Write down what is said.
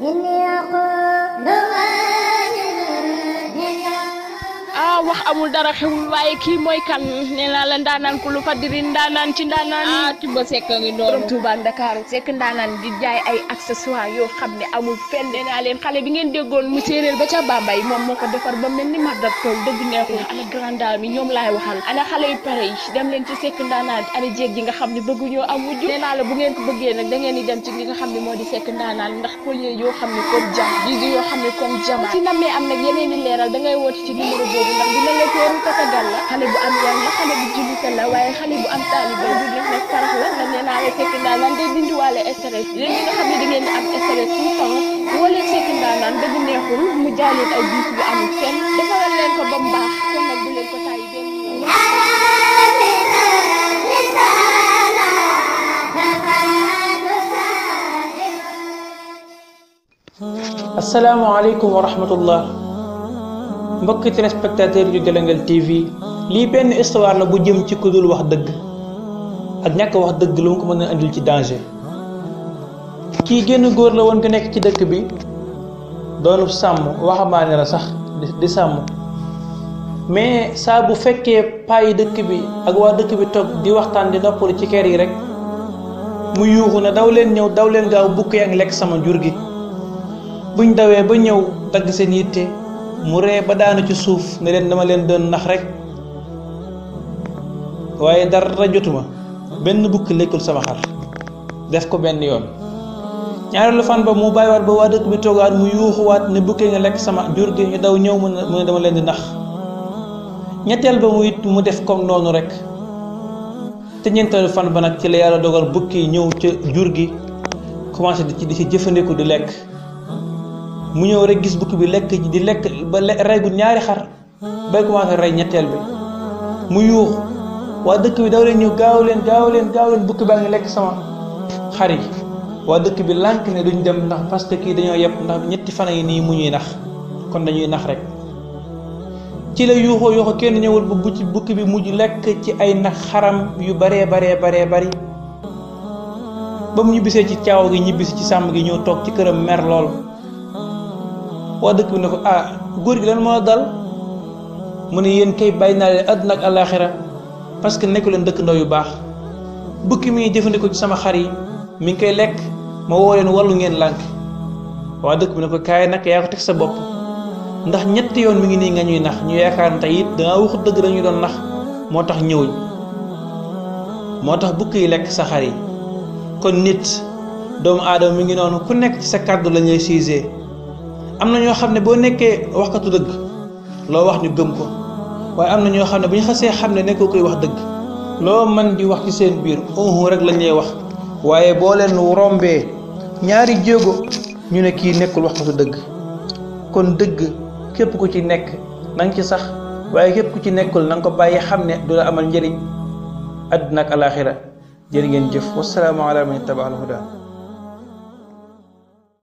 إذ يقول wax amul dara xewul waaye kii mooy kan nee naa la ndaanaan ku lu fadiri ndaanaan ci ndaanaan ah Touba Seck ngi noonu borom di jaay ay accessoires yoo xam ne amul fenn nee naa leen xale bi ngeen déggoon mu séeréer ba ca Bambey moom moo ko defar ba mel ni madab tool dëgg neexul ana grande dame yi ñoom laay waxal ana xale yu pare dem leen ci Seck ndaanaan ana jéeg nga xam ne bëgguñoo la bu ngeen ko bëggee nag da ngeen di dem ci nga xam ne moo di Seck ndaanaan ndax collier yoo xam ne comme jam bisi yoo xam ne comme jama si namee am nag yeneen leeral da ngay woote ci numéro boobu ndax la la teeru tatagal la xale bu am yar la xale bu jullite la waaye xale bu am taalibe bu def nag sarax la na nee naa la tekki ndaanaan day dindiwaale stress yéen ñi nga xam ne da ngeen di am stress tout temps woo leen tekki ndaanaan dëgg neexul mu jaay leen ay biis yu amul fenn defaral leen ko ba mu baax kon nag bu leen ko tàyyi benn asalaamaaleykum wa rahmatullah mbokki téléspectateur yu Guelongal TV lii benn histoire la bu jëm ci ku dul wax dëgg ak ñàkk wax dëgg lu mu ko mën a andil ci danger kii génn góor la woon ku nekk ci dëkk bi doonub sàmm waxambaane la sax di sàmm mais saa bu fekkee paayi dëkk bi ak waa dëkk bi togg di waxtaan di noppalu ci ker yi rek mu yuuxu na daw leen ñëw daw leen gaaw bukk ak lekk sama jur gi buñ dawee ba ñëw dagg seen yitte mu ree ba daanu ci suuf ne leen dama leen doon nax rek waaye dara jotuma benn bukki lekkul sama xar def ko benn yoon ñaareelu fan ba mu bàyyiwaat ba waa dëkk bi toogaat mu yuuxuwaat ne bukkee nga lekk sama jur gi ñu daw ñëw mu ne dama leen di nax ñetteel ba mu it mu def comme noonu rek te ñeenteelu fan ba nag ci la yàlla dogal bukki ñëw ca jur gi commencé di ci di ci jëfandiku di lekk mu ñëw rek gis bukki bi lekk di lekk ba rey bu ñaari xar bay commencé rey ñettel bi mu yuux wa dëkk bi daw leen ñëw gaaw leen gaaw leen gaaw leen bukki baa lekk sama xari wa waa dëkk bi lank ne duñ dem ndax parce que kii dañoo yeb ndax ñetti fan yi ni mu ñuy nax kon dañuy nax rek ci la yuuxoo yuho kenn ñewul ba bu ci bukk bi mujj lekk ci ay nax xaram yu bare bare bare bari ba mu ñibbisee ci caaw gi ñibbisi ci sàmm gi ñëw toog ci këram mer lool waa dëkk bi ne ko ah góor gi lan moo dal mu ne yéen kay bàyyi naa leen àdduna ak àllaaxira parce que nekku leen dëkk ndaw yu baax bukki mi jëfandikoo ci sama xar yi mi ngi koy lekk ma woo leen wallu ngeen lànk waa dëkk bi ne ko kaay nag yaa ko teg sa bopp ndax ñetti yoon mi ngi nii nga ñuy nax ñu yaakaar tey it dangaa waxut dëgg dañu doon nax moo tax ñëwuñ moo tax bukki yi lekk sa xar yi kon nit doomu aadama mi ngi noonu ku nekk ci sa kàddu lañ lay siisee am na ñoo xam ne boo nekkee waxkatu dëgg loo wax ñu gëm ko waaye am na ñoo xam ne bu ñu xasee xam ne nekkoo koy wax dëgg loo man di wax ci seen biir uhu rek lañ lay wax waaye boo leen rombee ñaari jéego ñu ne kii nekkul waxkatu dëgg kon dëgg képp ku ci nekk na nga ci sax waaye képp ku ci nekkul na nga ko bàyyi xam ne du la amal njëriñ àdduna ak alaaxira jërë ngeen jëf wassalaamu ala man ittaba al huda